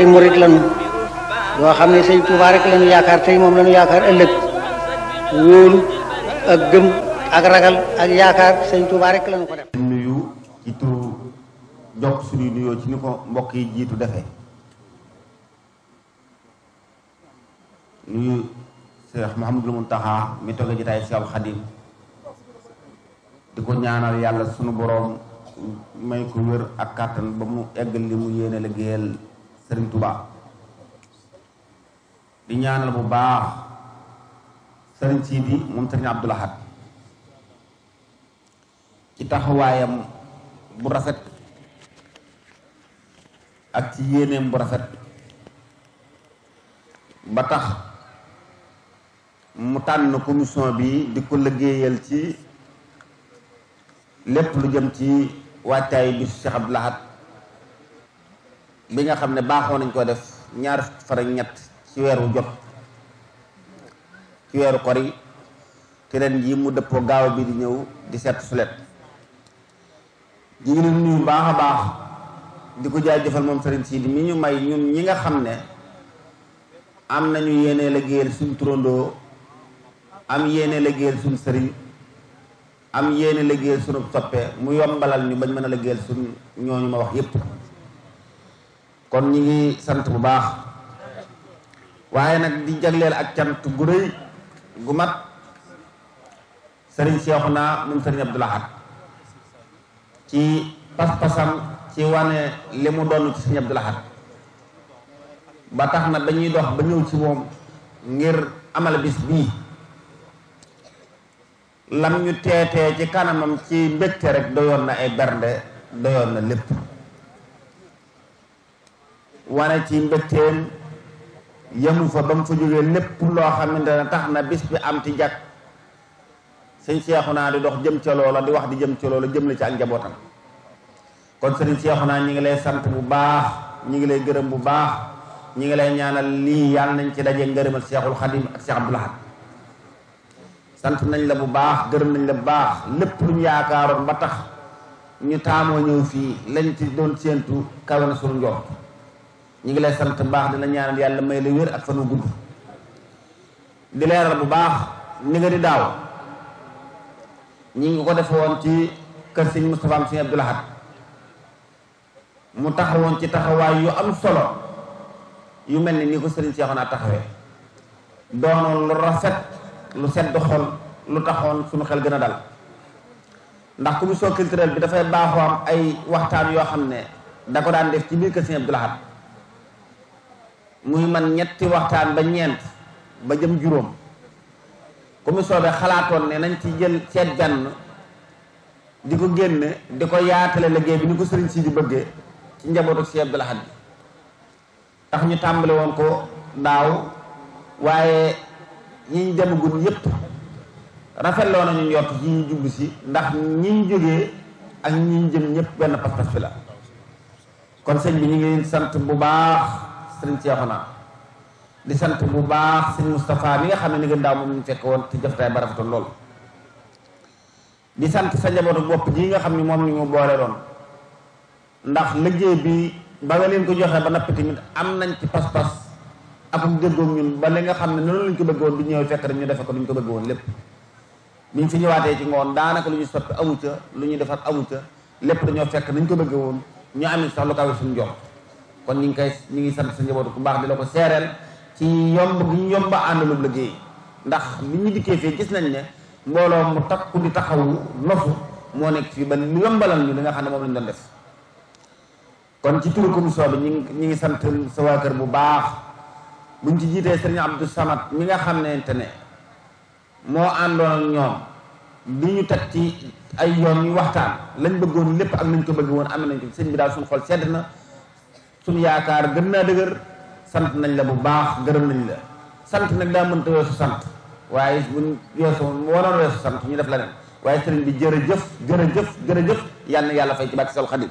ay murit xam ne sëñ Tuubaa rek lanu yaakaar tey moom lanu yaakaar ëllëg wóolu ak gëm ak ragal ak yaakaar sëñ Tuubaa rek lanu ko def nuyu ci turu jox suñuy nuyoo ci ni ko mbokk yi jiitu defee nuyu Cheikh Mouhamadul Mountakha mi toog jotaay Cheikh Khadim di ko ñaanal yàlla sunu boroom may ko wér ak kàttan ba mu eggal li mu yéene liggéeyal sëriñ Touba di ñaanal bu baax sëriñ Sidi moom sëriñ Abdul Ahad ci taxawaayam bu rafet ak ci yéeneem bu rafet ba tax mu tànn commission bi di ko liggéeyal ci lépp lu jëm ci waajtaay bi Cheikh Abdul Ahad bi nga xam ne baaxoo nañ koo def ñaar fan ñett ci weer wu jot ci weeru kor yi te ren jii mu dëppoo gaaw bi di ñëw di set sulet ñu ngi baax a baax di ko jaajëfal moom sëriñ Sidi mi ñu may ñu ñi nga xam ne am nañu yéene liggéeyal suñ turandoo am yéene liggéeyal suñ sëriñ am yéene liggéeyal suñu soppe mu yombalal ñu bañ mën a liggéeyal suñ ñooñu ma wax yépp kon ñi ngi sant bu baax waaye nag di jagleel ak cant gu rëy gu mat sëriñ Seexuna moom sëriñ Abdul ci pas-pasam ci wane li mu doon ci sëriñ Abdul ba tax na dañuy dox ba ñëw ci moom ngir amal bis bii lam ñu teetee ci kanamam ci mbégte rek doyoon na ay bernde doyoon na lépp wane ci mbégteem yemu fa ba mu fa jógee lépp loo xamante ne tax na bis bi am ti jag sëñ naa di dox jëm ca la di wax di jëm ca la jëm la ci ak njabootam kon sëriñ naa ñi ngi lay sant bu baax ñi ngi lay gërëm bu baax ñi ngi lay ñaanal lii yàlla nañ ci daje ngërëmal Seexul Xadim ak Seex Abdul Ahad sant nañ la bu baax gërëm nañ la bu baax lépp luñ yaakaaroon ba tax ñu taamoo ñëw fii lañ ci doon séentu kawe na suñu njort ñu ngi lay sant baax dina ñaanal yàlla may la ak fan wu gudd di leeral bu baax ni nga di daaw ñi ngi ko defe woon ci kër sëñ Moustapha am mu taxawoon ci taxawaay yu am solo yu mel ni ni ko sëriñ Seexuna taxawee doonoon lu rafet lu sedd xol lu taxoon suñu xel gën a dal ndax commission culturelle bi dafay baaxoo am ay waxtaan yoo xam ne da ko daan def ci biir kër sëñ Abdou muy man ñetti waxtaan ba ñeent ba jëm juróom commission bi xalaatoon ne nañ ci jël ceet jànn di ko génne di ko yaatale liggéey bi ni ko sëriñ si di bëggee ci njabootu si Abdul Ahad bi ndax ñu tàmbali woon ko daaw waaye ñu ñu demagun yépp loo nañu yott ci ñu jublu si ndax ñi ñu jógee ak ñi ñu jëm ñëpp benn pas-pas fi la kon sëñ bi ñu ngi sant bu baax sëriñ naa di sant bu baax sëriñ Moustapha mi nga xam ne ni ngeen daaw moom ñu fekk woon te jëftaay ba rafetoon lool di sant sa njabootu bopp ji nga xam ne moom la ñu boole ndax liggéey bi ba nga leen ko joxee ba noppi tamit am nañ ci pas-pas akum déggoom ñun ba li nga xam ne noonu lañ ko bëgg woon bi ñëwee fekk rek ñu defe ko duñ ko bëgg woon lépp biñ fi ñëwaatee ci ngoon daanaka lu ñu soppi amu ca lu ñuy defar amu ca lépp dañoo fekk nañ ko bëggee woon ñu amit sax lu kawe suñu jox kon ñu ngi koy ñu ngi sant sa njaboot bu baax di la ko seereel ci yomb gi ñu yomba àndalub liggéey ndax bi ñu dikkee fii gis nañ ne mbooloo mu takku di taxawu nosu moo nekk fii ba yombalal ñu li nga xam ne moom lañ doon def kon ci turu commission bi ñu ngi ñu ngi sant sa waa kër bu baax buñ ci jiitee sëriñ Abdou Samad mi nga xam ne ne moo àndoon ak ñoom li ñu teg ci ay yoon yu waxtaan lañ bëggoon lépp ak nañ ko bëgg woon am nañ ko sëñ bi suñu xol sedd na suñu yaakaar gën naa dëgër sant nañ la bu baax gërëm nañ la sant nag daa mënta weesu sant waaye buñ weesu wanoon weesu sant ñu def la nen waaye sëriñ bi jërëjëf jërëjëf jërëjëf yal jëf yàlla yàlla fay ci bàkki sal xadim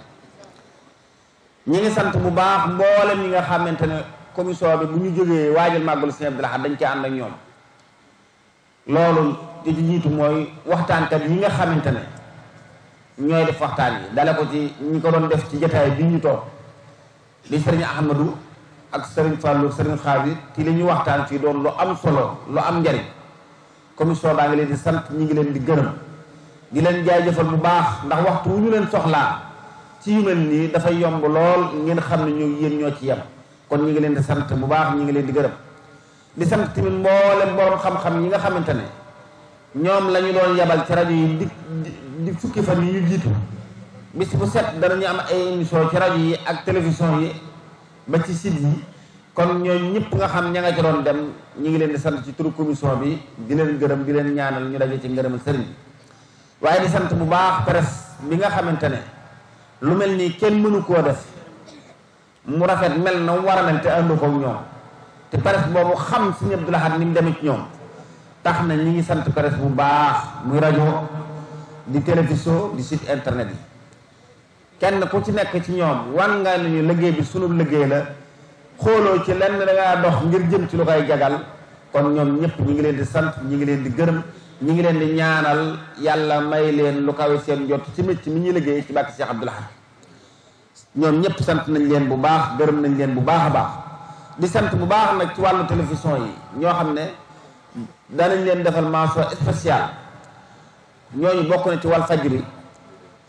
ñi ngi sant bu baax mboolem ñi nga xamante ne commission bi bu ñu jógee waajal màggalu Sëriñ Abdul Ahad dañ ci ànd ak ñoom loolu di ci jiitu mooy waxtaankat yi nga xamante ne ñooy def waxtaan yi dale ko ci ñi ko doon def ci jataay bi ñu toog li sëriñ Ahmadou ak sëriñ Fallou sëriñ Xaadir ci li ñu waxtaan fii doon lu am solo lu am njariñ commission baa ngi leen di sant ñi ngi leen di gërëm di jaajëfal bu baax ndax waxtu wu ñu leen soxlaa ci yu nii dafay yomb lool ngeen xam ne ñu yéen ñoo ci yem kon ñi ngi leen di sant bu baax ñi ngi leen di gërëm di sant tamit mboolem borom xam-xam ñi nga xamante ne ñoom lañu doon yabal ci rajo yi di di fukki fan yi ñu jiitu bis bu set danañu am ay émission ci rajo yi ak télévision yi ba ci site yi kon ñooñu ñëpp nga xam ña nga ci doon dem ñu ngi leen di sant ci turu commission bi di leen gërëm di leen ñaanal ñu daje ci ngërëmal sëriñ bi waaye di sant bu baax pares bi nga xamante ne lu mel nii kenn mënu koo def mu rafet mel na mu war a mel te ànd ko ñoom te presse boobu xam si suñu Abdou Lahad ni mu demee ci ñoom tax na ñi ngi sant pares bu baax muy rajo di télévision di site internet yi kenn ku ci nekk ci ñoom wan nga ni ñu liggéey bi sunu liggéey la xooloo ci lenn da ngaa dox ngir jëm ci lu koy jagal kon ñoom ñëpp ñu ngi leen di sant ñu ngi leen di gërëm ñi ngi leen di ñaanal yàlla may leen lu kawe seen jot ci mécc mi ñuy liggéey ci bàkki Cheikh Abdoul Ahad ñoom ñëpp sant nañ leen bu baax gërëm nañ leen bu baax a baax di sant bu baax nag ci wàll télévision yi ñoo xam ne danañ leen defal mention spéciale ñooñu bokk na ci Walfadjri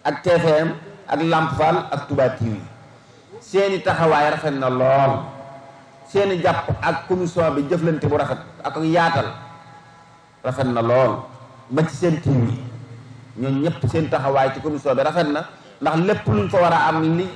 ak TFM ak Lamp Fall ak Touba TV seeni taxawaay rafet na lool seeni jàpp ak commission bi jëflante bu rafet ak yaatal rafet na lool ba ci seen TV ñoom ñëpp seen taxawaay ci commission bi rafet na ndax lépp luñ fa war a am li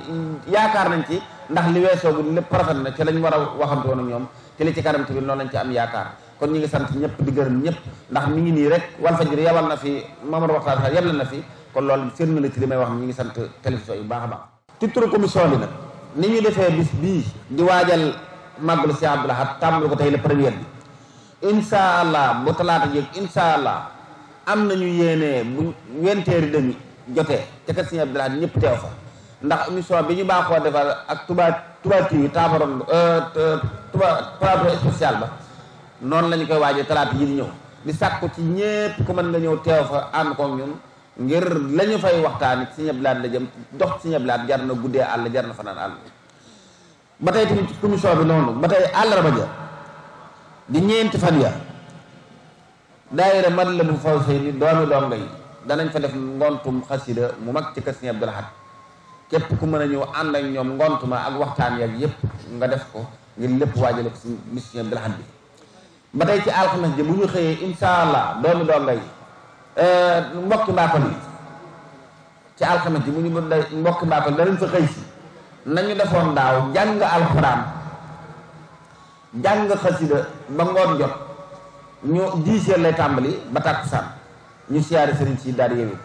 yaakaar nañ ci ndax li weesoo bu lépp rafet na ci lañ war a waxante woon ak ñoom te li ci kanam tamit noonu lañ ci am yaakaar kon ñu ngi sant ñëpp di gërëm ñëpp ndax mi ngi nii rek Walfadjri yabal na fi Mamadou waxtaan yabal na fi kon loolu seen mën a ci li may wax ñu ngi sant télévision yu baax a baax ci turu commission bi nag ni ñu defee bis bii di waajal màggalu si Abdou Lahad ko tey la première bi insha allah bu talaata jéeg insha allah am nañu yéenee bu wenteeri demi jotee ca kër si Abdou Lahad ñëpp teew fa ndax émission bi ñu baax baaxoo defal ak Touba Touba TV taabaroon euh, Touba plateau spécial ba noonu lañu koy waajee talaat ji di ñëw di sàkku ci ñépp ku mën nga ñëw teew fa ànd koog ñun ngir la ñu fay waxtaanee ci ñeblaat la jëm dox ci ñeblaat jar na guddee àll jar na fanaan àll ba tey tamit commission bi noonu ba tey àllarba ja di ñeenti fan ya daayira man la bu faw sey ni doomi donga yi danañ fa def ngontum xasida mu mag ci kër Sëriñ Abdul Ahad képp ku mën a ñëw ànd ak ñoom ngontuma ak waxtaan yeeg yépp nga def ko ngir lépp waajale ko si mission Abdul bi ba tey ci alxames ja bu ñu xëyee incha allah doomi donga yi Euh, mbokki mbaapal yi ci alxames yi mu ñu mën a mbokki mbaapal danañ fa xëy si nañu defoon daaw jàng alxuraan jàng xasida ba ngoon jot ñu dix lay tàmbali ba tàkkusaan ñu siyaare sëriñ si daal yéwi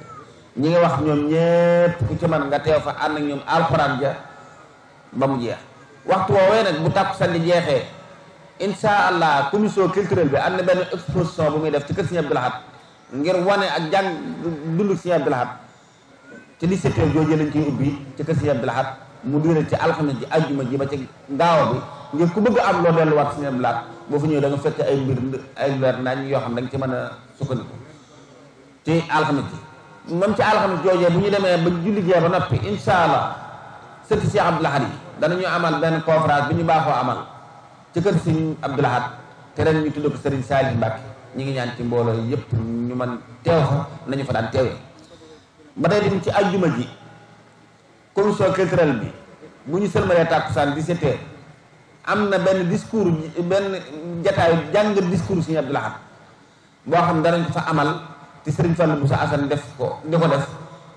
ñi ngi wax ñoom ñépp ku ci man nga teew fa ànd ak ñoom alxuraan ja ba mu jeex waxtu woowee nag bu tàkkusaan li jeexee insha allah commission culturelle bi am na benn exposition bu muy def ci kër Sëriñ Abdou Lahad ngir wane ak jàng dund Sëriñ Abdul Ahad ci li settee joojee lañ koy ubbi ci kër Sëriñ Abdul Ahad mu diire ci alxames ji ajjuma ji ba ci gaaw bi ngir ku bëgg am loo delluwaat Sëriñ Abdul Ahad boo fa ñëwee da fekk ay mbir ay weer nañ yoo xam ne nga ci mën a sukkandiku ci alxames ji même ci alxames joojee bu ñu demee ba julli gee ba noppi incha allah sëtti Sëriñ Abdul Ahad yi danañu amal benn conférence bi ñu baaxoo amal ci kër si Abdul Ahad te ren ñu tudd ko Sëriñ Saalih Mbàkke ñu ngi ñaan ci mbooloo yépp ñu man teew fa nañu fa daan teewee ba tey dem ci ajjuma ji commission culturelle bi bu ñu sëlmalee tàkkusaan 17 heures am na benn discours benn jataayu jàng discours Sëriñ Abdul Ahad boo xam danañ ko fa amal te Sëriñ Fallu sa Asan def ko di ko def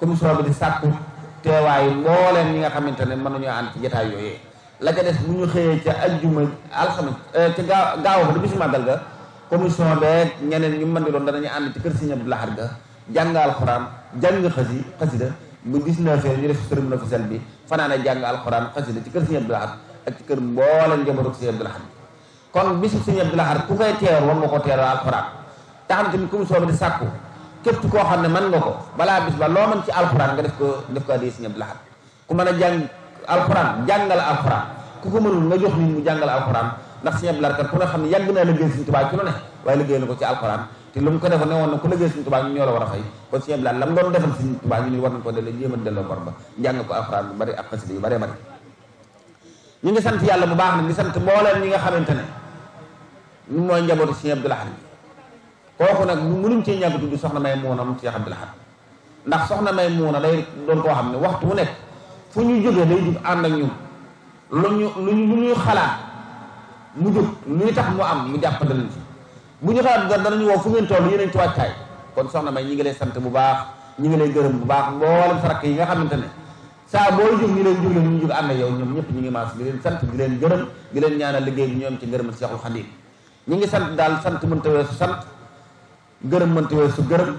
commission bi di sàkku teewaayu mbooleem ñi nga xamante ne mënuñoo ànd ci jataay yooyee la ca des bu ñu xëyee ci ajjuma alxames ca gaaw gaaw fa du bisu màggal ga commission beeg ñeneen ñu mën di doon danañu ànd ci kër Sëriñ Abdou Lahad ga jàng alxuraan jàng xasi xasida bu 19 ñu def cérémonie officielle bi fanaane jàng alxuraan xasida ci kër Sëriñ Abdou Lahad ak ci kër mbooleem njabootu Sëriñ Abdou Lahad kon bisu Sëriñ Abdou Lahad ko teew alxuraan te xam tamit commission bi di képp koo xam ne mën nga ko balaa bis ba loo mën ci alxuraan nga def ko def ko addi Sëriñ Abdou Lahad ku mën a jàng alxuraan jàngal alxuraan ku ko mënul nga jox nit mu jàngal alxuraan ndax Sëñ Abdou Lahad ku ne xam ne yàgg naa liggéey Sëñ Tuubaa ci lu ne waaye liggéey na ko ci alxuraan te lu mu ko defoon ne woon na ku liggéey a fay kon mu doon defal Sëñ Tuubaa ko delloo jéem a delloo bor ñu ngi sant yàlla bu baax na ngi sant mbooleem ñi nga xamante ne ñu mooy njabootu Sëñ Abdou Lahad bi kooku nag mënuñ cee ñàkk tudd soxna may muunam Cheikh Abdou Lahad ndax soxna may muuna day doon koo xam ne waxtu wu nekk fu ñu jógee day jóg ànd ak ñun lu ñu lu ñu xalaat mu jóg luy tax mu am mu jàppandal ñu ci bu ñu xalaat dara danañu woo fu ngeen toll yéen a ngi ci wàccaay kon soxna May ñi ngi lay sant bu baax ñi ngi lay gërëm bu baax mboolem sarak yi nga xamante ne saa booy jóg ñi leen jóg leen ñu jóg ànd yow ñoom ñu ngi maas di leen sant di leen gërëm di leen ñaanal liggéey bi ñoom ci ngërëmal Seexul Xadiim ñu ngi sant daal sant mënta weesu sant gërëm mënta weesu gërëm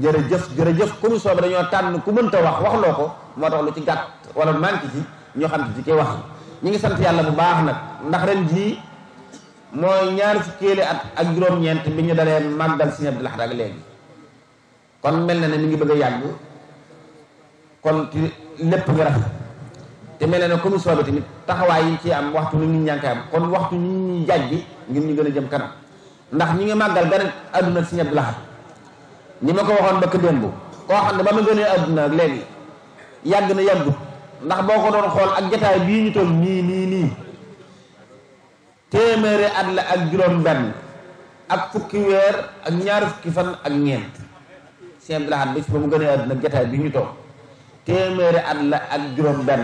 jërëjëf jërëjëf ku ñu soob dañoo tànn ku mënta wax wax loo ko moo tax lu ci gàtt wala manque ci ñoo xam ci ci koy wax ñu ngi sant yàlla bu baax nag ndax ren jii mooy ñaar fukkeeli at ak juróom-ñeent bi ñu dalee màggal si Abdou Lahad ak léegi kon mel na ne mi ngi bëgg a yàgg kon ci lépp nga rafet te mel na ne commission bi tamit taxawaay yi ci am waxtu ni ngi koy am kon waxtu ñu ñuy jaaj ngir ñu gën a jëm kanam ndax ñi ngi màggal gan adduna Sëriñ Abdou Lahad ni ma ko waxoon bëkk démb koo xam ne ba ma gënee adduna léegi yàgg na yàggut ndax boo ko doon xool ak jataay bii ñu toog nii nii nii téeméeri at la ak juróom benn ak fukki weer ak ñaar fukki fan ak ñeent sëñ bi laxat ba ci ba mu gënee àdduna jataay bii ñu toog téeméeri at la ak juróom benn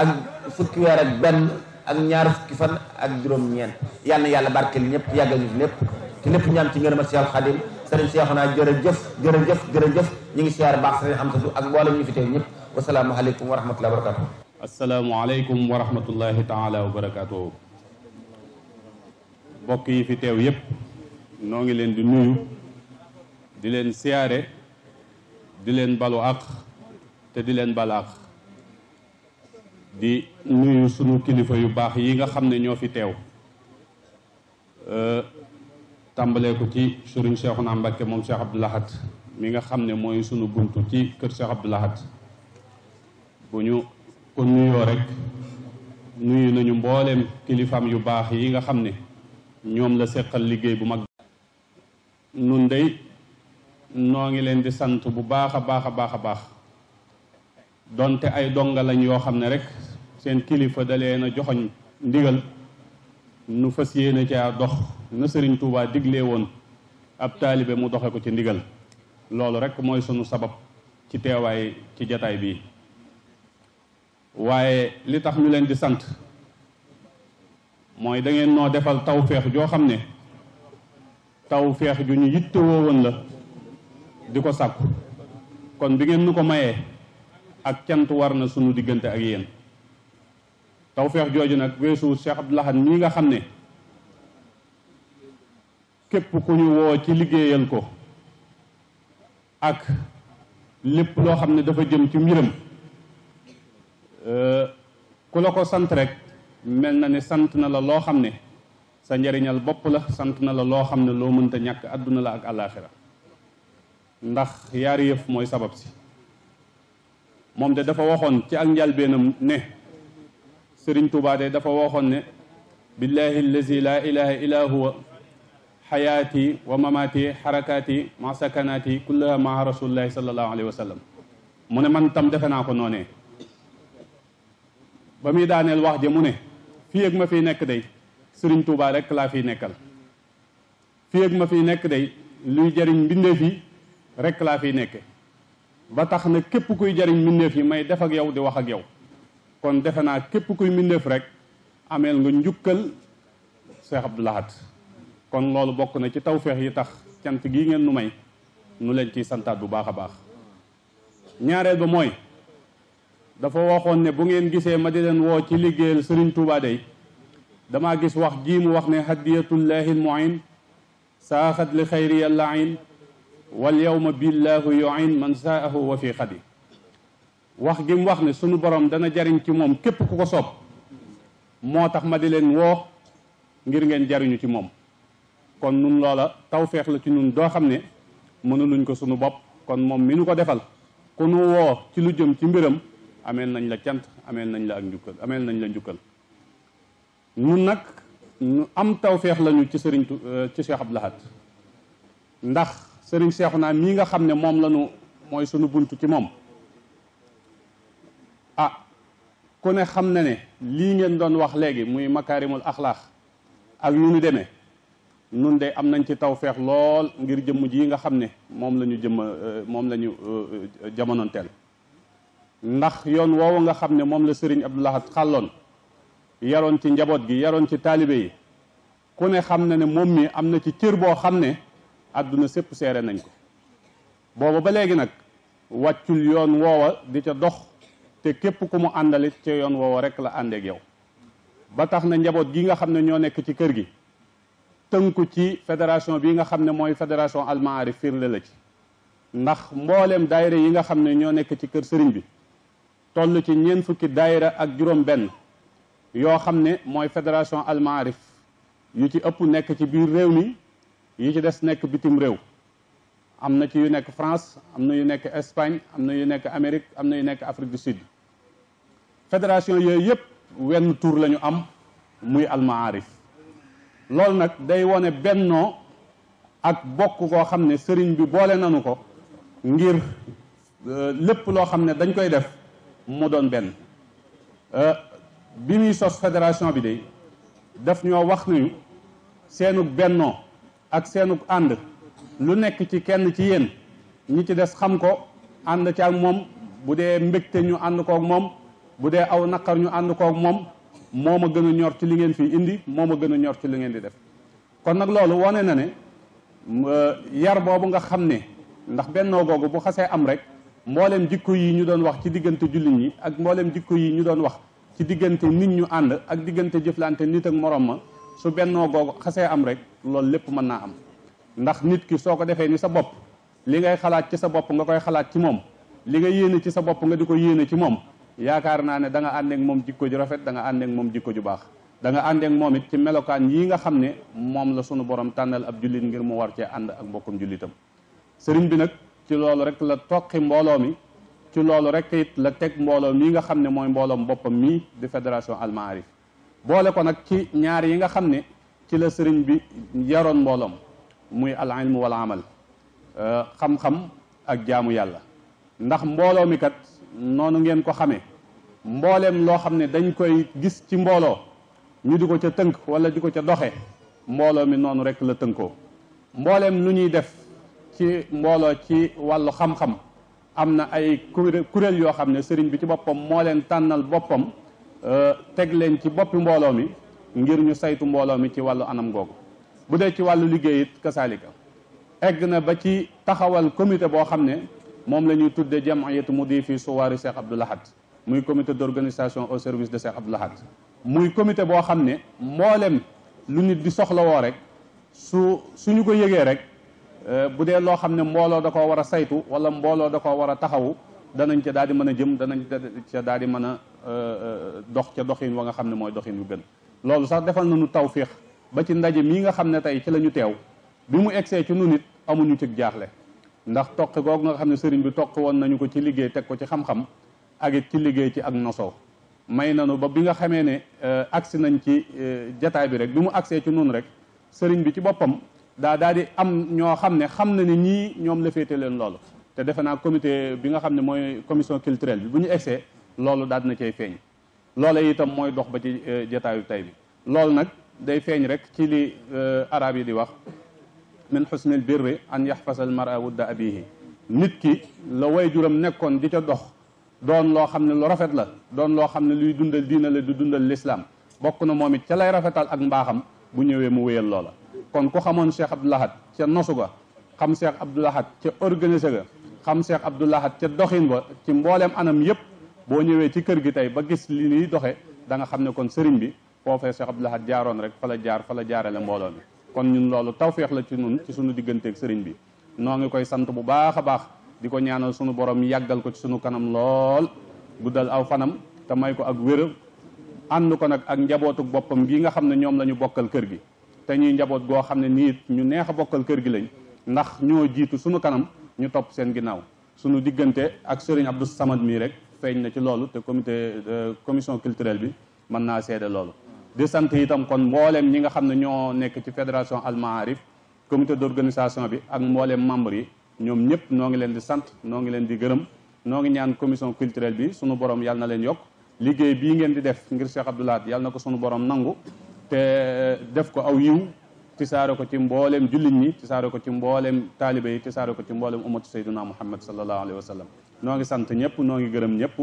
ak fukki weer ak benn ak ñaari fukki fan ak juróom ñeent yàlla na yàlla barkeel ñëpp yàggal ñu fi lépp ci lépp ñaam ci ngërëmal Seex Xaadim a sëriñ Seexuna jërëjëf jërëjëf jërëjëf ñu ngi siyaar baax sëriñ Amsatu ak mboolem ñu fi teew ñëpp wasalaamualeykum wa rahmatullahi wa barakatuh asalaamualeykum wa mbokk yi fi teew yëpp noo ngi leen di nuyu di leen siyaare di leen balu àq te di leen bal àq di nuyu sunu kilifa yu baax yi nga xam ne ñoo fi teew euh, tàmbalee ko ci sëriñ Cheikhouna Mbacké moom Cheikh Abdou Lahad mi nga xam ne mooy sunu buntu ci kër Cheikh Abdou bu ñu ko nuyoo rek nuyu nañu mbooleem kilifaam yu baax yi nga xam ne ñoom la seqal liggéey bu mag nun day noo ngi leen di sant bu baax a baax a baax a baax donte ay donga lañ yoo xam ne rek seen kilifa da leen a joxoñ ndigal nu fas yéene caa dox na sëriñ Touba diglee woon ab taalibe mu doxe ko ci ndigal loolu rek mooy sunu sabab ci teewaay ci jataay bii waaye li tax ñu leen di sant mooy dangeen noo defal taw feex joo xam ne taw feex ju ñu yittewoo woon la di ko sàkku kon bi ngeen nu ko mayee ak cant war na sunu diggante ak yéen tawfeex jooju nag weesu Cheikh Abdoul Ahad mii nga xam ne képp ku ñu woo ci liggéeyal ko ak lépp loo xam ne dafa jëm ci mbiram euh, ku la ko sant rek mel na ne sant na la loo xam ne sa njariñal bopp la sant na la loo xam ne loo mënta ñàkk àdduna la ak àllaaxira ndax yaari yëf mooy sabab si moom de dafa waxoon ci ak njalbeenam ne sëriñ Tuubaa de dafa waxoon ne billahi allazi la ilaha illa huwa xayaati wa mamaati xarakaati ma sakanaati kullaha maa rasulillahi sallallahu alayhi mu ne man tam defe naa ko noonee ba muy daaneel wax ji mu ne fii ma fiy nekk day sëriñ Tuubaa rekk laa fiy nekkal fii ma fiy nekk day luy jariñ mbindeef yi rekk laa fiy nekke ba tax na képp kuy jariñ mbindeef yi may def ak yow di wax ak yow kon defe naa képp kuy mbindeef rek ameel nga njukkal Cheikh Abdou kon loolu bokk na ci tawféex yi tax cant gii ngeen nu may nu leen ciy santaat bu baax a baax ñaareel ba mooy dafa waxoon ne bu ngeen gisee ma di leen woo ci liggéeyal Serigne Touba day damaa gis wax jii mu wax ne hadiyatullahi almuin saaxat li xayri yallaain wal yawma billahu yuin man saahu wa fi xadi wax gi mu wax ne sunu borom dana jariñ ci moom képp ku ko soob moo tax ma di leen woo ngir ngeen jariñu ci moom kon nun loola tawfeex la ci nun doo xam ne mënuluñ ko sunu bopp kon moom mi nu ko defal ku nu woo ci lu jëm ci mbiram amee nañ la cant ameel nañ la ak njukkal ameel nañ la njukkal mun nag nu am tawfeex lañu ci sëriñ euh, ci Cheikh Abdou Lahad ndax sëriñ naa mii nga xam ne moom lañu mooy sunu bunt ci moom ah ku ne xam na ne lii ngeen doon wax léegi muy makaarimul axlaax ak lu ñu demee nun de am nañ ci taw feex lool ngir jëmm ji yi nga xam ne moom lañu ñu jëmma euh, moom lañu ñu euh, euh, ndax yoon woowu nga xam ne moom la sëriñ Abdou Lahad xàlloon yaroon ci njaboot gi yaroon ci taalibe yi ku ne xam na ne moom mi am na ci cër boo xam ne àdduna sépp seere nañ ko booba ba léegi nag wàccul yoon woowa di ca dox te képp ku mu àndalit ca yoon woowa rek la àndeek yow ba tax na njaboot gi nga xam ne ñoo nekk ci kër gi tënku ci fédération bi nga xam ne mooy fédération Al Maarif firnde la ci ndax mboolem daayira yi nga xam ne ñoo nekk ci kër sëriñ bi toll ci ñeent fukki dayra ak juróom benn yoo xam ne mooy fédération Al Maarif yu ci ëpp nekk ci biir réew mi yi ci des nekk bitim réew am na ci yu nekk France am na yu nekk Espagne am na yu nekk Amérique am na yu nekk Afrique du Sud fédération yooyu yëpp wenn tur lañu am muy almaarif loolu nag day wone bennoo ak bokk koo xam ne sëriñ bi boole nanu ko ngir euh, lépp loo xam ne dañ koy def mu doon benn euh, bi muy sos fédération bi de daf ñoo wax nañu seenug bennoo ak seenug ànd lu nekk ci kenn ci yéen ñi ci des xam ko ànd ci ak moom bu dee mbégte ñu ànd ko moom bu dee aw naqar ñu ànd kook moom moom a gën a ñor ci li ngeen fi indi moom a gën a ñor ci li ngeen di def kon nag loolu wane na ne euh, yar boobu nga xam ne ndax bennoo googu bu xasee am rek mboolem jikko yi ñu doon wax ci diggante jullit ak mboolem jikko yi ñu doon wax ci diggante nit ñu ànd ak diggante jëflante nit ak morom ma su bennoo googu xasee am rek loolu lépp mën naa am ndax nit ki soo ko defee ni sa bopp li ngay xalaat ci sa bopp nga koy xalaat ci moom li nga yéene ci sa bopp nga di ko yéene ci moom yaakaar naa ne da nga ànd ak moom jikko ju rafet danga nga moom jikko ju baax da nga ànd moom it ci melokaan yi nga xam ne moom la sunu borom tànnal ab jullit ngir mu war cee ànd ak bokkum jullitam sëriñ bi nag ci loolu rek la toqi mbooloo mi ci loolu rek it la teg mbooloo mii nga xam ne mooy mbooloom boppam mii di fédération Al boole ko nag ci ñaar yi nga xam ne ci la sëriñ bi yaroon mbooloom muy al ilmu wal amal euh, xam-xam ak jaamu yàlla ndax mbooloo kat noonu ngeen ko xamee mbooleem loo xam ne dañ koy gis ci mbooloo ñu di ko ca tënk wala di ko ca doxe mbooloo mi noonu rek la tënkoo mbooleem lu ñuy def ci mbooloo ci wàllu xam-xam am na ay kuréel yoo xam ne sëriñ bi ci boppam moo leen tànnal boppam euh, teg leen ci boppi mbooloo mi ngir ñu saytu mbooloo mi ci wàllu anam googu bu dee ci wàllu liggéey it kasaalika egg na ba ci taxawal comité boo xam ne moom la ñuy tudde jamiyatu mudifi suwaari Cheikh Abdoul Ahad muy commité d'organisation au service de Cheikh Abdoul Ahad muy comité boo xam ne mbooleem lu nit di soxlawoo rek su suñu ko yëgee rek euh, bu dee loo xam ne mbooloo da koo war a saytu wala mbooloo da koo war a taxawu danañ ca daal di mën a jëm danañ ca daal di mën a euh, euh, dox ca doxin wa nga xam ne mooy doxin yu gën loolu sax defal nañu tawfiix ba ci ndaje mii nga xam ne tey ci la ñu teew bi mu egsee ci nu nit amuñu ci jaaxle ndax toq googu nga xam ne sëriñ bi toq woon nañu ko ci liggéey teg ko ci xam-xam ak it ci liggéey ci ak nosoo may nanu ba bi nga xamee ne euh, agsi nañ ci euh, jataay bi rek bi mu agsee ci noonu rek sëriñ bi ci boppam daa daal di am ñoo xam ne xam na ni ñii ñoom la féete leen loolu te defe naa comité bi nga xam ne mooy commission culturelle bi bu ñu egsee loolu daal dina cay feeñ loola itam mooy dox ba ci euh, jataayu tay bi loolu nag day feeñ rek ci li arab yi di wax min xusnil birri an yaxfasal mara wudda abihi nit ki la woy juram nekkoon di ca dox doon loo xam ne lu rafet la doon loo xam ne luy dundal diina la du dundal lislaam bokk na moom it ca lay rafetal ak mbaaxam bu ñëwee mu wéyal loola kon ku xamoon Cheikh Abdoul ca nasu ga xam Cheikh Abdoul Ahad ca organisé ga xam Cheikh Abdoul Ahad ca doxin wa ci mbooleem anam yépp boo ñëwee ci kër gi tey ba gis li nuy doxe da nga xam ne kon sëriñ bi foofee Cheikh Abdoul Ahad jaaroon rek fa la jaar fa la jaarale mbooloo mi kon ñun loolu tawféex la ci ñun ci suñu digganteeg sëriñ bi noo ngi koy sant bu baax a baax di ko ñaanal sunu borom yàggal ko ci sunu kanam lool guddal aw fanam te may ko ak wér ànd ko nag ak njabootu boppam gi nga xam ne ñoom la ñu bokkal kër gi te ñuy njaboot goo xam ne niit ñu neex a bokkal kër gi lañ ndax ñoo jiitu sunu kanam ñu topp seen ginnaaw sunu diggante ak sëriñ Abdou Samad mii rek feeñ na ci loolu te comité euh, commission culturelle bi mën naa seede loolu di sant itam kon mbooleem ñi nga xam ne ñoo nekk ci fédération Al Maarif comité d'organisation bi ak mbooleem membre yi ñoom ñëpp noo ngi leen di sant noo ngi leen di gërëm noo ngi ñaan commission culturelle bi sunu borom yàlla na leen yokk liggéey bii ngeen di def ngir Cheikh Abdou Lahad yàlla na ko sunu borom nangu te def ko aw yiw ci saare ko ci mbooleem jullit ñi ci saare ko ci mbooleem taalibe yi ci saare ko ci mbooleem umatu sayduna muhammad sallallahu alayhi wa sallam noo ngi sant ñëpp noo ngi gërëm ñëpp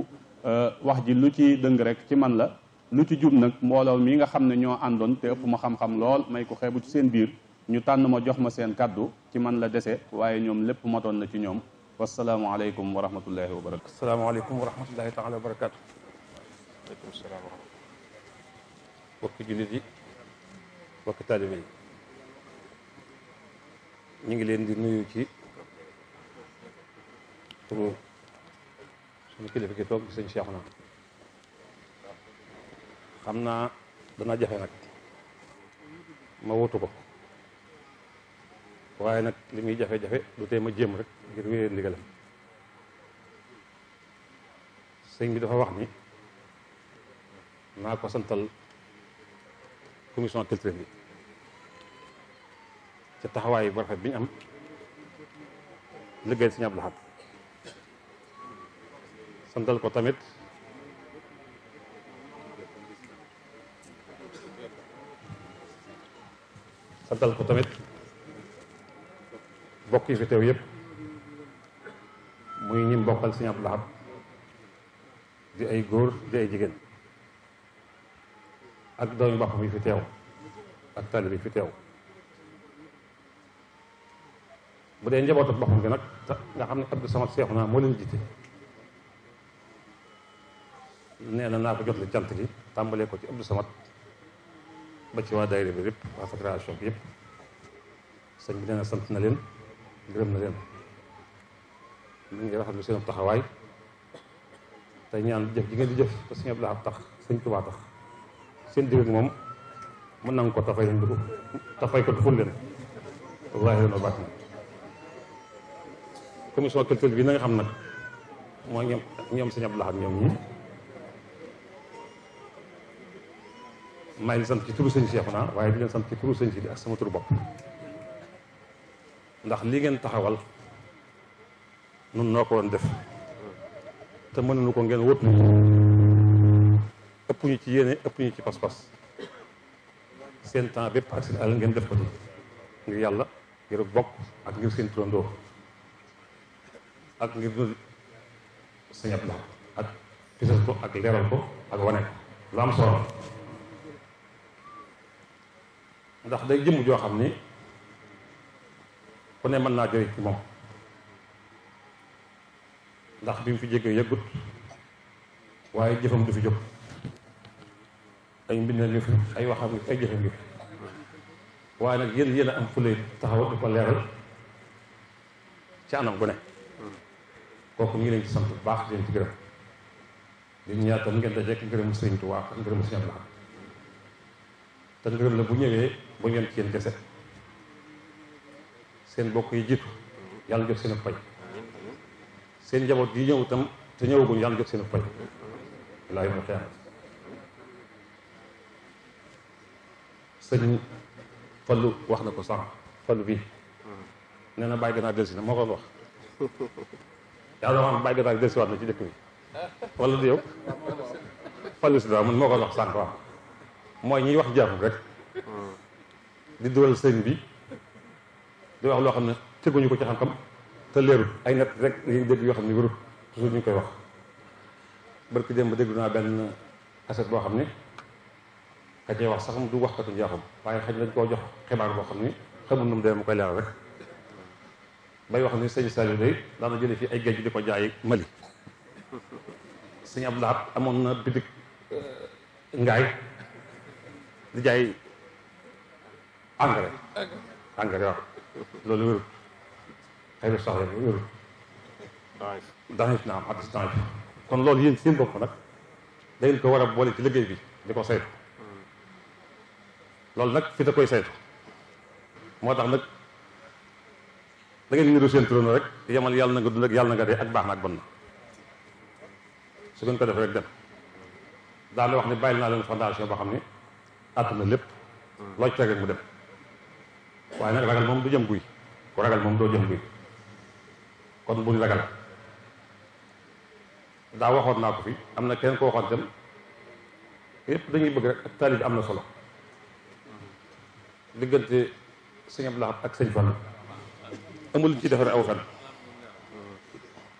euh, wax ji lu ci dëng rek ci man la lu ci jub nag mbooloo mi nga xam ne ñoo àndoon te ëpp ma xam-xam lool may ko xeebu ci seen biir ñu tànn ma jox ma seen kàddu ci man la dese waaye ñoom lépp matoon na ci ñoom wasalaamualeykum wa rahmatullahi wa barakatu asalaamaaleykum wa rahmatullahi taala wa salaam bokki jullit yi bokki taalibe yi ñu ngi leen di nuyu ci turu suñu kilifa gi toog sëñ Cheikhouna xam naa dana jafe nag ma wutu ko waaye nag li muy jafe-jafe lu tee ma jéem rek ngir wéyee ndigalam sëñ bi dafa wax ni naa ko santal commission culture bi ci taxawaay bu rafet biñ am liggéey sëñ Abdou Lahad santal ko tamit santal ko tamit bokk yi fi teew yëpp muy ñim bokkal Sëñ Abdou Lahad di ay góor di ay jigéen ak doomi boppam yi fi teew ak taalib yi fi teew bu dee njabootu boppam gi nag nga xam ne Abdou Samad seexu naa moo leen jiite nee na naa ko jot li jant gi tàmbalee ko ci Abdou Samad ba ci waa daayira bi yëpp waa fédération bi yëpp sëñ bi nee sant na leen gërëm na leen mi ngi rafetlu seen taxawaay te ñaan jëf ji ngeen di jëf te sëñ Abdou Lahad tax sëñ Tuubaa tax seen digg moom mën na ko tafay leen du ko tafay ko duxul leen wallaahi leen baat na commission culture bi na nga xam nag mooy ñoom ñoom sëñ Abdou Lahad ñoom ñi maa ngi sant ci turu sëñ Cheikhouna waaye di leen sant ci turu sëñ si bi ak sama turu bopp ndax li ngeen taxawal nun noo ko def te mënuñu ko ngeen wot ëpp ñu ci yéene ëpp ñu ci pas-pas seen temps bépp ak seen alal ngeen def ko ci ngir yàlla ngir bokk ak ngir seen turandoo ak ngir dund sëñ Abdou ak pisal ko ak leeral ko ak wane lu am solo ndax day jëmm joo xam ni ku ne mën naa jëriñ ci moom ndax bi mu fi jege yëggut waaye jëfam du fi jóg ay mbindam yu fi ay waxam yu ay jëfam yu waaye nag yéen yéen am fu lay taxaw ko leeral ci anam gu ne kooku ñu ngi leen ci sant bu baax di leen ci gërëm di ñaan tam ngeen dajeek ngërëm Sëriñ Tuubaa ak ngërëm Sëriñ Abdou Lahad te ngërëm la bu ñëwee bu ñëw ci yéen kese seen bokk yi jiitu yàlla jox seen fay seen njaboot yi ñëw tam te ñëwaguñ yàlla jox seen fay ilaa yawmal qiyaama Fallu wax na ko sànq Fallu bii nee na bàyyi gannaaw delsi na moo ko wax yàlla wax na ci dëkk bi wala du yow moo ko wax sànq mooy ñiy wax jaafum rek di dural sëriñ bi di wax loo xam ne teguñu ko ci te leerul ay nat rek ngay dégg yoo xam ne wérut toujours ñu koy wax barki dem ba déglu naa benn aset boo xam ne ka cee wax sax du wax katu njaaxum waaye xaj nañ koo jox xibaar boo xam ne xamul nu mu demee mu koy leeral rek bay wax ni sëñ Saliou day daana jële fii ay géej di ko jaay Mali sëñ Abdou Lahad amoon na bitig euh, ngaay di jaay engrais engrais waaw loolu wérut xëy na sax yooyu wérut daif na am hadis daif kon loolu yéen seen bopp nag da ngeen ko war a boole ci liggéey bi di ko saytu loolu nag fii da koy saytu moo tax nag da ngeen niru seen turóno rek yemal yàlla na nga dund ak yàlla na nga dee ak baax nag ak bon na su ngeen ko def rek dem daal di wax ne bàyyil naa leen fondation boo xam ne àtt na lépp loo ci mu dem waaye nag ragal moom du jëm guy ku ragal moom doo jëm guy kon buñ ragal daa waxoon naa ko fi am na kenn ko waxoon tam yépp dañuy bëgg rek ak taalib am na solo diggante sëñ Abdou ak sëñ Fallu amul luñ ci defar aw fan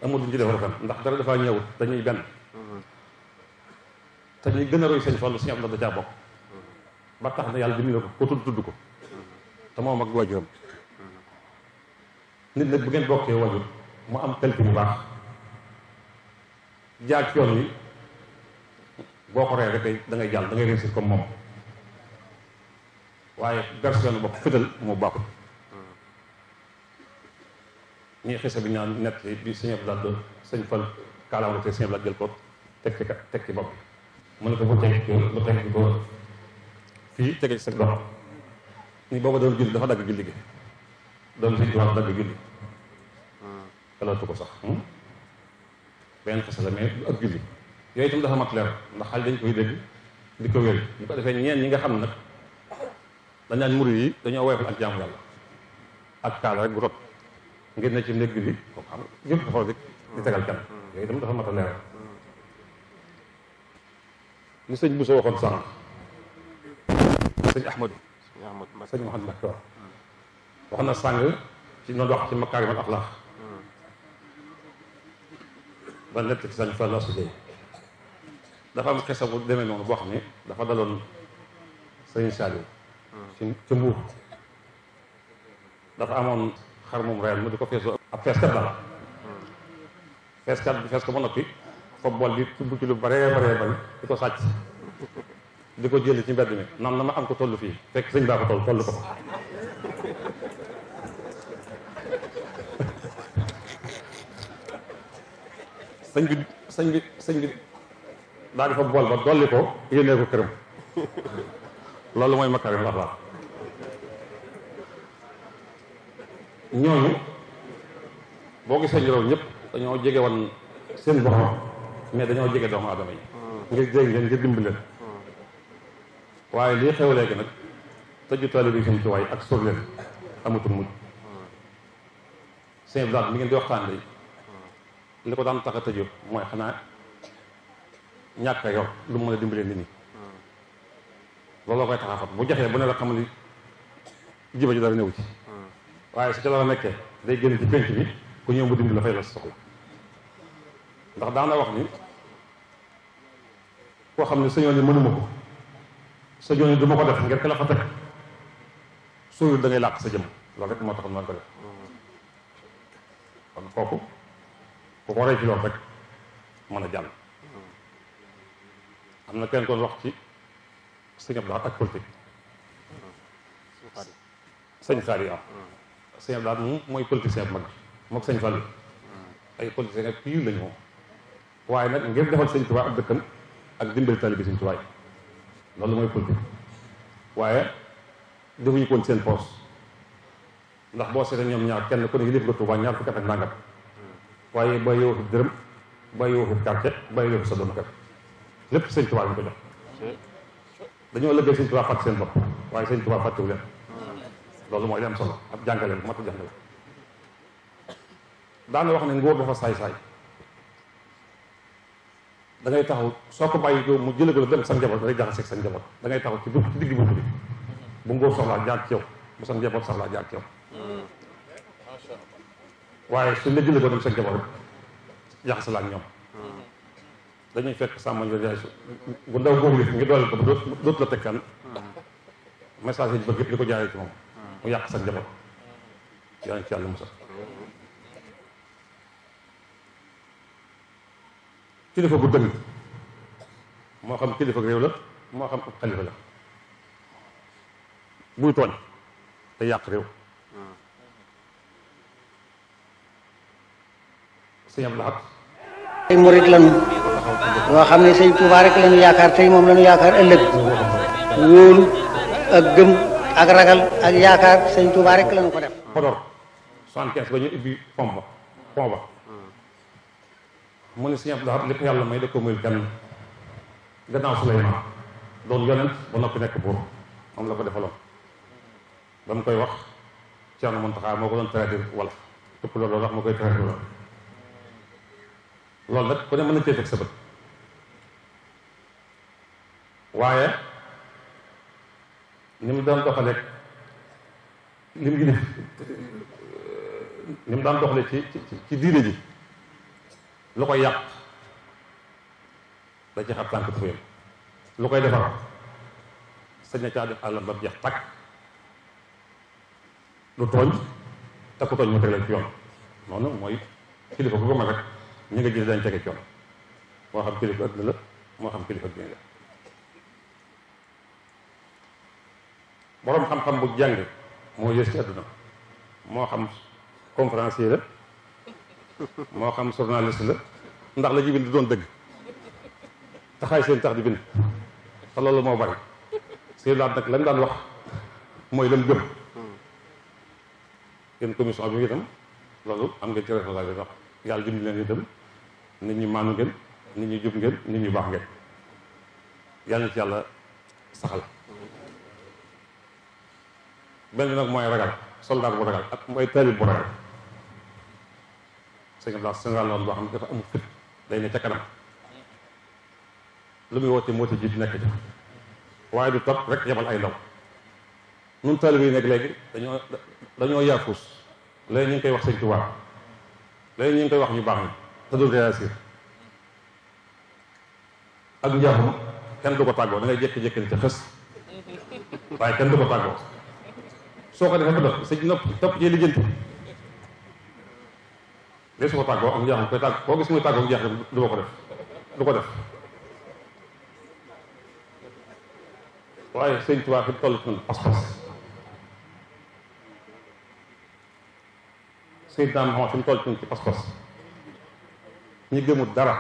amul luñ ci defar fan ndax dara dafaa ñëwut dañuy benn te ñuy gën a roy sëñ Fallu sëñ Abdou Lahad bokk ba tax na yàlla dimbali ko ko tudd tudd ko te moom ak wajuram nit nag bu ngeen bokkee wajur mu am tëlki bu baax jaar ci yoon wi boo ko ree rek da ngay jàll da ngay réussir comme moom waaye garsion bopp fital mu baaxul ñii xisa bi ñaan nett bi sëñ Abdou Lahad sëñ Fall kaalaama te sëñ Abdou jël ko teg ci teg ci bopp mu ne ko bu teg ko bu teg ko fii tege ci sa dox booba doon julli dafa dagg julli gi doon sëñ Tuubaa dagg julli xalaatu ko sax hmm? benn xase la ak julli yooyu itam dafa mat leer ndax xal dañ koy dégg di ko wér bu ko defee ñeen ñi nga xam nag dañ naan murid yi dañoo woyofal ak jaamu yàlla ak kaala rek bu rot ngir ne ci néeg julli ko xam yëpp dafa tegal kenn yooyu itam dafa mat leer li sëñ Bousso waxoon sànq sëñ Ahmadou sëñ Mouhamed Mbacke wax wax na sàng ci noonu wax ci makaarimal axlaax ba lépp ci sëñ Fallou Sudey dafa am xesa bu demee noonu boo xam ne dafa daloon sëñ Saliou ci mbuur dafa amoon xar moom reyal mu di ko feesoo ab feeskat daal bi fees ko ba noppi fob bool bi tudd ci lu baree di ko sàcc di ko jëli ci mbedd mi naan na ma am ko tollu fii fekk sëñ baa ko toll toll ko sëñ bi sëñ bi sëñ bi bool ba dolli ko yénnee ko këram loolu mooy makaarimul axlaaq ñooñu boo gisee ñu raw ñëpp dañoo jege woon seen borom mais dañoo jege doomu aadama yi ngir jege ngir dimbali leen waaye lii xew léegi nag tëju taalibe bi sëñ Tuubaa ak sóor leen amatul mujj sëñ Blaat mi ngeen di waxtaan léegi li ko daan tax a tëju mooy xanaa ñàkk yor lu mu mën a dimbalee nit ñi looloo koy tax a bu jaxee bu ne la xam ni jiba ji dara newu ci waaye su ca la nekkee day génn ci penc bi ku ñëw mu dimbali la fay la soxla ndax daana wax ni koo xam ne sëñoon ni mënuma ko sa joone du ma ko def ngir ki la fa teg sooyul da ngay làq sa jëm loolu rek moo taxoon maa ko def kon kooku ku ci loolu rek mën a jàll am na kenn koon wax ci sëñ Abdoulaye ak politique sëñ xaar yi am sëñ Abdoulaye moom mooy politicien bu mag mook sëñ Fallou ay politicien ak pii lañu moom waaye nag ngir defal sëñ Tuubaa ab dëkkam ak dimbali taalibe sëñ Tuubaa loolu mooy politique waaye defuñu koon seen poos ndax boo seetee ñoom ñaar kenn ku ne yilif nga Tuuba ñaar fukki at nangam waaye bàyyi woo fi dërëm bàyyi woo fi quartier bàyyi woo fi sa doomu kër lépp sëñ Tuuba ñu ko jox dañoo lëggee sëñ Tuuba fàtte seen bopp waaye sëñ Tuuba fàttewu leen loolu mooy li am solo ab jàngale la mat a jàngale daana wax ne nguur dafa saay-saay dangay ngay soo ko bàyyi ko mu jëlee ko dem sa njaboot day jaxaseeg sa njaboot da ngay taxaw ci buntu ci digg buntu bi bu ngóor soxlaa jaar ci yow bu sa njaboot soxlaa jaar ci yow waaye suñ la jëlee dem sa njaboot jaxase la ñoom dañuy fekk sàmm yooyu yaay ngi dooleel ko ba dootu la yi bëgg ko jaaree ci moom mu yàq sa njaboot yaa ngi ci yàlla musal kilifa gu dëgg moo xam kilifa réew la moo xam ab xalifa la buy tooñ te yàq réew sëñ Abdou Lahad ay murid lañu yoo xam ne sëñ Tuubaa rek lañu yaakaar tey moom lañu yaakaar ëllëg wóolu ak gëm ak ragal ak yaakaar lañu ko def mu ne daa Abdou Lahad lépp yàlla may da ko muyul kenn gannaaw Suleymaan doon yonent ba noppi nekk buur moom la ko defaloon ba mu koy wax Ceerno Muntaxa moo ko doon traduire wala tëpp loolu wax ma koy traduire loolu nag ku ne mën na mu daan doxale li mu gën daan doxale ci ci diine ji lu ko yàq da ci xar tànk tufayam lu koy defar sañ na caa def àllam ba jeex takk lu tooñ te ku tooñ mu teg la ci noonu mooy kilifa bu ko mag rek ñu ngi jël dañ tege ci moo xam kilifa adduna la moo xam kilifa diine la boroom xam-xam bu jàng moo yës ci adduna moo xam conférencier moo xam journaliste la ndax la ñuy bind doon dëgg taxaay seen tax di bind te loolu moo bari seen daal nag lañ daan wax mooy lan gëm yéen commission bi itam loolu am ngeen ci responsable sax yàlla dimbali leen itam nit ñi maanu ngeen nit ñi jub ngeen nit ñi baax ngeen yàlla ci yàlla saxal benn nag mooy ragal soldat bu ragal ak mooy taalib bu ragal sëñ Abdou Lahad général boo xam ne dafa amul fit day ne ca kanam lu muy woote moo ci jiitu nekk ca waaye du topp rek yebal ay ndaw ñun taalibe yi nekk léegi dañoo dañoo yaafuus léegi ñu ngi koy wax sëñ Tuubaa léegi ñu ngi koy wax ñu baax na te dul réagir ak njaaxum kenn du ko tàggoo da ngay jékki-jékki ni ca xës waaye kenn du ko tàggoo soo ko defee ba dox sëñ nopp topp ci lijjanti des ko tàggoo ak njeexam koy tàgg koo gis muy tàggoo ak njeex du ma ko def du ko def waaye sëñ Tuubaa fi toll fan pas-pas sëñ Daam xam fi mu toll fan ci pas-pas ñi gëmul dara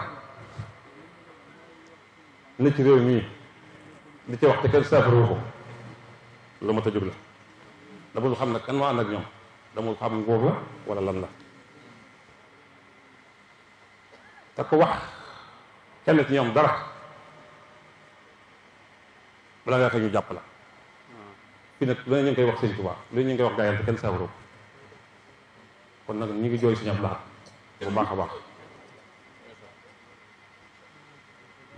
nit ci réew mii di ci wax te kenn saafaru ko lu ma ta jóg la damul xam ne kan moo ànd ak ñoom damul xam nguur la lan la te ku wax kenn ci ñoom dara bala ngaa fay ñu jàpp la fii nag lu ne ñu ngi koy wax sëñ Tuubaa lu ne ñu ngi koy wax gaayal kenn sawaroo ko kon nag ñu ngi jooy suñu ab laat bu baax a baax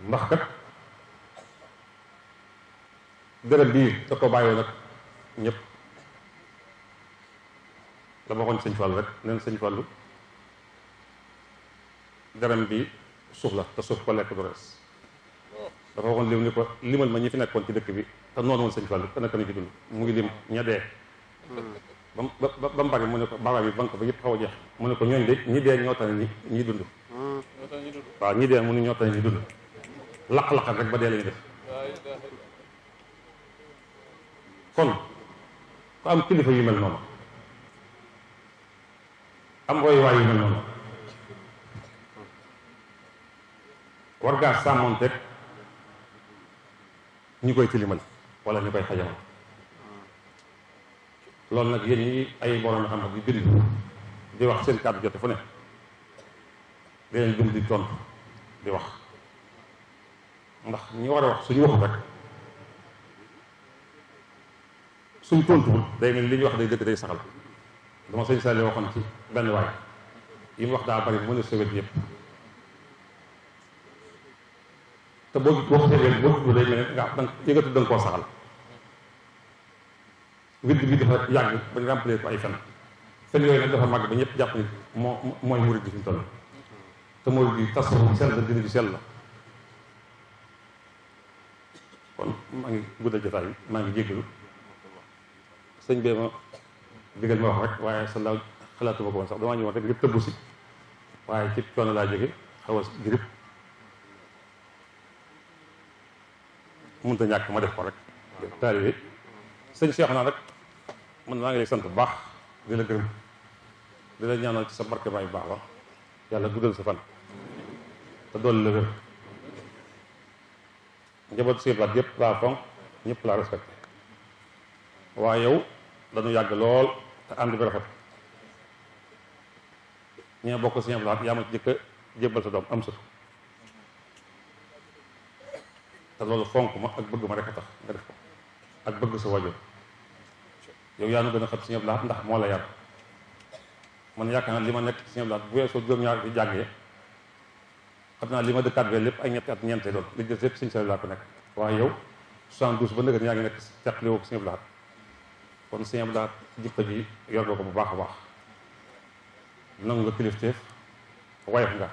ndax kat dërëm bii da ko bàyyoo nag ñëpp la ma waxoon sëñ Fallu rek neen sëñ Fallu garam bi suuf la te suuf ko lekk du rees dafa waxoon lim ni ko limal ma ñi fi nekkoon ci dëkk bi te noonu woon sëñ Fall kana kana ci dund mu ngi lim ña dee ba ba ba mu bari mu ne a jeex mu ko ñooñu de ñi dee ñoo tane ñi ñi dund waaw ñi dee mu ne ñoo tane ñi dund laq-laqal rek ba dee lañu def kon ku am kilifa yu mel noonu am royuwaay yu mel noonu war ngaa sàmmonteeg ñu koy tilimal wala ñu koy xajamal loolu nag yéen ñi ay borom xam-xam yu bind di wax seen kàddu jote fu ne di leen bind di tontu di wax ndax ñu war a wax suñu waxul rek suñ tontuwul day mel li ñu wax day dëgg day saxal dama seen Saliou waxoon ci benn waay yi mu wax daa bari mu ne sewet yëpp te boo boo ko tegee boo ko day nga xam danga yëgatu danga koo saxal wird bi dafa yàgg ba ñu remplir ay fen fen yooyu dafa màgg ba ñëpp jàpp ni moo mooy murid gi fi mu toll te murid gi tasawuf sell la kon maa ngi guddal maa ngi jéggalu bee ma digal ma wax rek waaye sa laaw xalaatuma ko woon sax damaa ñëwoon rek ngir tëbbu si waaye ci coono laa jóge xaw a mënut a ñàkk ma def ko rek taalibe sëñ Cheikh naa rek man maa ngi lay sant bu baax di la gërëm di la ñaanal ci sa barke baay bu baax ba yàlla guddal sa fan te dool la wér njaboot si baat yëpp laa fonk ñëpp laa respecté waaye yow dañu yàgg lool te ànd bi rafet ñee bokk si ñebe laat yaa ma ci jëkk sa doom am sa te loolu fonk ma ak bëgg ma rek a nga def ko ak bëgg sa wajo yow yaa nu gën a xam si Abdu Lahat ndax moo la yar man yaakaar naa li ma nekk Sëñ Abdu Lahat bu weesoo juróom-ñaar di jàngee xam naa li ma dëkkaat bee lépp ay ñetti at ñeente doon li des lépp Sëñ Saliou laa ko nekk waaye yow 72 ba nëgën yaa ngi nekk càq li woo Sëñ Abdu kon si Abdu Lahat jikko ji yor nga ko bu baax a baax nangu nga kilifteef wayaf nga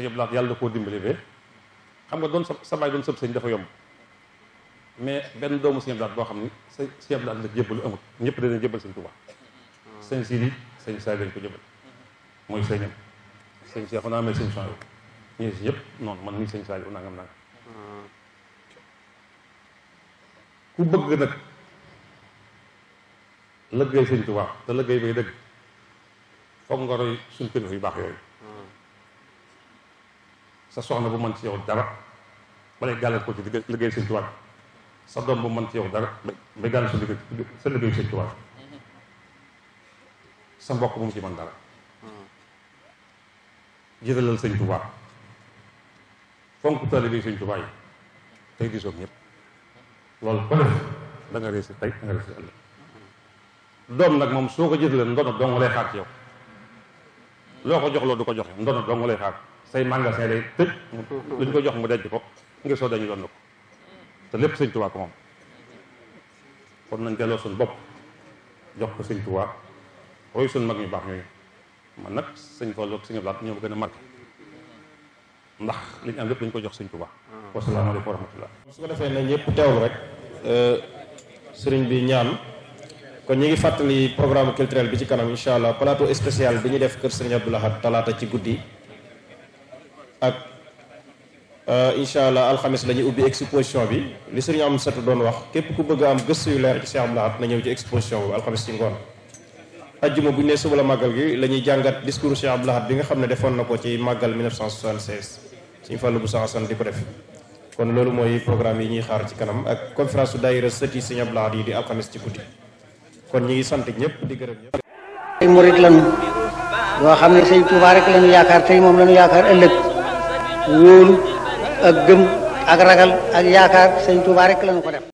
sëñ Abdou Lahad yàlla na koo dimbali be xam nga doon sa sa baay doon sëb sëñ dafa yomb mais benn doomu sëñ Abdou Lahad boo xam ni sa sëñ Abdou Lahad la jébbalu amut ñëpp danañ jébbal sëñ Tuubaa sëñ Sidi sëñ Saali lañ ko jébbal mooy sëñam sëñ Cheikh naa amee sëñ Saali ñii si yëpp noonu man nii sëñ Saali nangam nangam ku bëgg nag lëggéey sëñ Tuubaa te lëggéey bay dëgg foog nga roy suñ kilifa yu baax yooyu sa soxna bu mën ci yow dara balay gàllal ko ci liggéey sëñ Tuubaa sa doom bu mën ci yow dara bay gàllal sa liggéey liggéey sëñ Tuubaa sa mbokk bu mu ci mën dara jëralal sëñ Tuubaa fonk taalibe sëñ Tuubaa yi tey disoog ñëpp loolu ko def da nga tey da nga réussir doom nag moom soo ko jëlee ndono dong lay xaar ci yow loo ko jox loo du ko joxe ndono dong lay xaar say magasin lay tëj lu ñu ko jox mu denc ko ngir soo dañu doon na ko te lépp sëñ Tuubaa ko moom kon nañ delloo suñ bopp jox ko sëñ Tuubaa roy suñ mag ñu baax ñooñu man nag sëñ Fallu ak sëñ Ablaat ñoo ma gën a marqué ndax li ñu am lépp dañu ko jox sëñ Tuubaa wasalaamaaleykum wa rahmatullah su ko defee na ñëpp teewlu rek euh, sëriñ bi ñaan kon ñu ngi fàttali programme culturel bi ci kanam incha allah plateau spécial bi ñu def kër sëriñ Abdou Lahad talaata ci guddi ak euh, incha allah alxamis la ñuy ubbi exposition bi li sëriñ am satu doon wax képp ku bëgg am gëstu yu leer ci Cheikh Abdou na ñëw ci exposition bi alxamis ci ngoon. ajjuma bu nee suba màggal gi la jàngat discours Cheikh Abdou Lahad bi nga xam ne defoon na ko ci màggal 1976 suñu fàllu bu sansan di ko def kon loolu mooy programme yi ñuy xaar ci kanam ak conférence su daayira sëti Sëriñ Abdou Lahad yi di alxamis ci guddi kon ñu ngi sant ñëpp di gërëm ñëpp. ay xam ne sëñ wóolu ak gëm ak ragal ak yaakaar sëñ Tuubaa rek lañu ko def